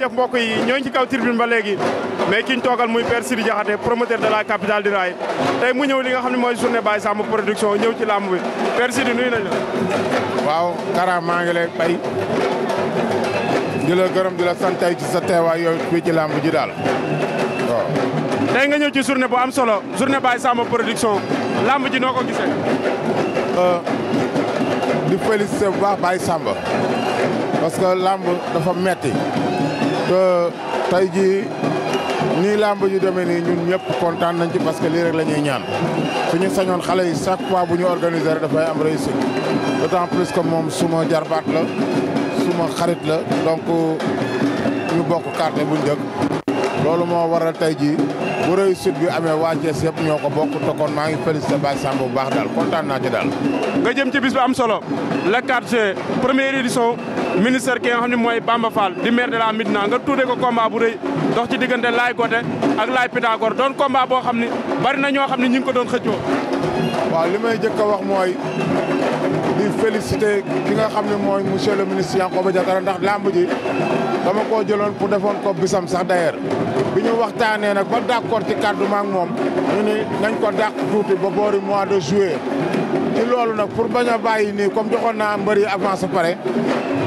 jëf mbokk yi ñooñu ci kaw tribune ba léegi mais ki ñu toogal muy père Sidi Diakhaté promoteur de la capitale du rail tey mu ñëw li nga xam ne mooy journée Baye Samb production ñëw ci làmb bi père Sidi nuyu nañ la. waaw Kara maa ngi lay bay di la gërëm di la sant ci sa teewaay yow fii ci làmb ji daal waaw. tey nga ñëw ci journée bu am solo journée Baye Samb production làmb ji noo ko gisee. Euh, di félicité bu baax Baye Samb parce que làmb dafa metti te tey jii nii làmb ju demee nii ñun ñëpp kontaan nañ ci parce que lii rek lañuy ñaan ñaan suñu sañoon xale yi chaque fois bu ñu organiser rek dafay am réussite d'autant plus que moom suma jarbaat la suma xarit la donc ñu bokk quartier buñ dëkk loolu moo waral tey jii bu réussite bi amee waa Thiès yëpp ñoo ko bokk te kon maa ngi félicité Baye Samb bu baax daal kontaan naa ci daal. nga jëm ci bis am solo le 4G première édition ministère ki nga xam ne mooy Bamba Fall di maire de la Médina nga tuude ko combat bu rëy dox ci diggante Laay Gote ak Laay Pythagore doon combat boo xam ne bari na ñoo xam ne ñu ngi ko doon xëccoo. waaw li may njëkk a wax mooy. di félicité ki nga xam ne mooy monsieur le ministre Yankhoba Diattara ndax làmb ji dama koo jëloon pour defoon ko bisam sax d'ailleurs bi ñu waxtaanee nag ba d'accord ci kàddu ma ak moom ñu ni nañ ko dàq tuuti ba boori mois de juillet ci loolu nag pour bañ a bàyyi nii comme joxoon naa mbër mbëri avance pare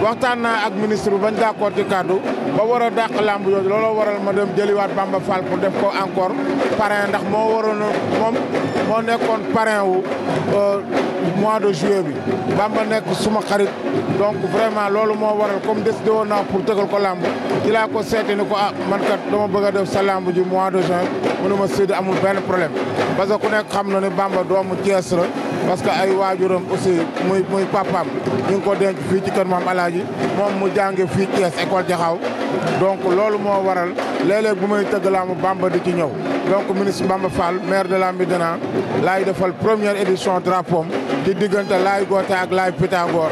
waxtaan naa ak ministre bi bañ d'accord ci kàddu ba war a dàq làmb yooyu looloo waral ma dem jëliwaat Bamba Fall pour def ko encore parrain ndax moo waroon moom moo nekkoon parrain wu euh, mois de juillet bi Bamba nekk suma xarit donc vraiment loolu moo waral comme décidé woon naa pour tëgal ko làmb ci ko seete ni ko ah man kat dama bëgg a def sa làmb ji mois de juin ma sédd amul benn problème parce que ku nekk xam na ne Bamba doomu Thiès la parce que ay waajuram aussi muy muy papaam ñu ngi ko denc fii ci kër maam alaaji moom mu jànge fii Thiès école Jaxaaw donc loolu moo waral léeg-léeg bu may tëgg làmb Bamba di ci ñëw donc ministre Bamba fal maire de la Médina laay defal première édition drapeau di diggante laay goote ak laay Pitagore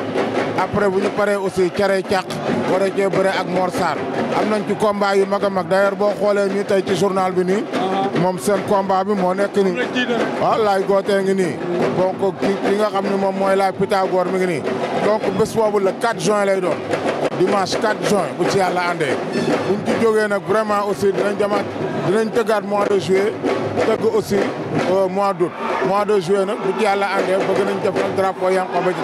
après bu ñu paree aussi cere càq war a ak Mor Sarr am nañ ci combat yu mag a mag d'ailleurs boo xoolee nii tey ci journal bi nii moom seen combat bi moo nekk nii waaw ah, laay gootee ngi nii donc ki nga xam ne moom mooy laay Pitagore mi ngi nii donc bés boobu le 4 juin lay doon dimanche 4 juin bu ci yàlla àndee buñ ci jógee nag vraiment aussi dinañ jamaat dinañ tëggaat mois de juillet tëgg aussi euh, mois d'août mois de juin nag bu ci yàlla àndee bëgg nañ def nag drapeau Yankoba ci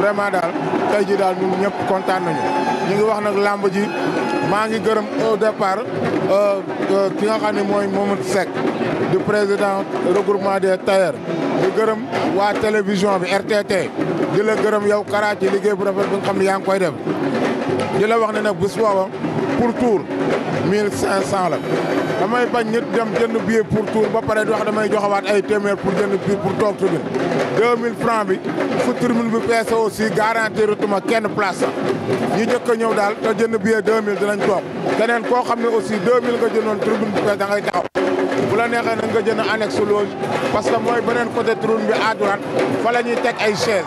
vraiment daal tey ji daal ñun ñëpp kontaan nañu ñu ngi wax nag làmb ji maa ngi gërëm au départ euh, euh, ki nga xam ne mooy Momadou Seck du président regroupement des tailleurs di gërëm waa télévision bi RTT di la gërëm yow Kara ci liggéey bu rafet bi nga xam ne yaa ngi koy def di la wax ne nag bés booba pour tour 1500 la damay bañ nit dem jënd billet pour tour ba pare di wax damay joxawaat ay téeméer pour jënd billet pour toog tribune 2000 francs bi fu tribune bi peese aussi garanti rutuma kenn place ñi njëkk a ñëw daal te jënd billet 2000 dinañ toog keneen koo xam ne aussi 2000 nga jëndoon tribune bi peese da taxaw bu la neexee na nga jënd annexe loge parce que mooy beneen côté trône bi à droite fa la ñuy teg ay chaise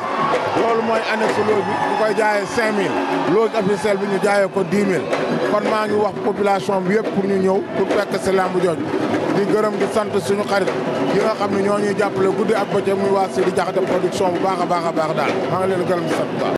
loolu mooy annexe loge bi ñu koy jaayee 5000 loge officielle bi ñu jaayee ko 10 000 kon maa ngi wax population bi yëpp pour ñu ñëw pour fekk si lamb jooju di gërëm di sant suñu xarit yi nga xam ni ñoo ñuy jàppale guddi ak bëccëg muy waa Sidi Diakhaté production bu baax a baax a baax daal maa nga leen gërëm di sant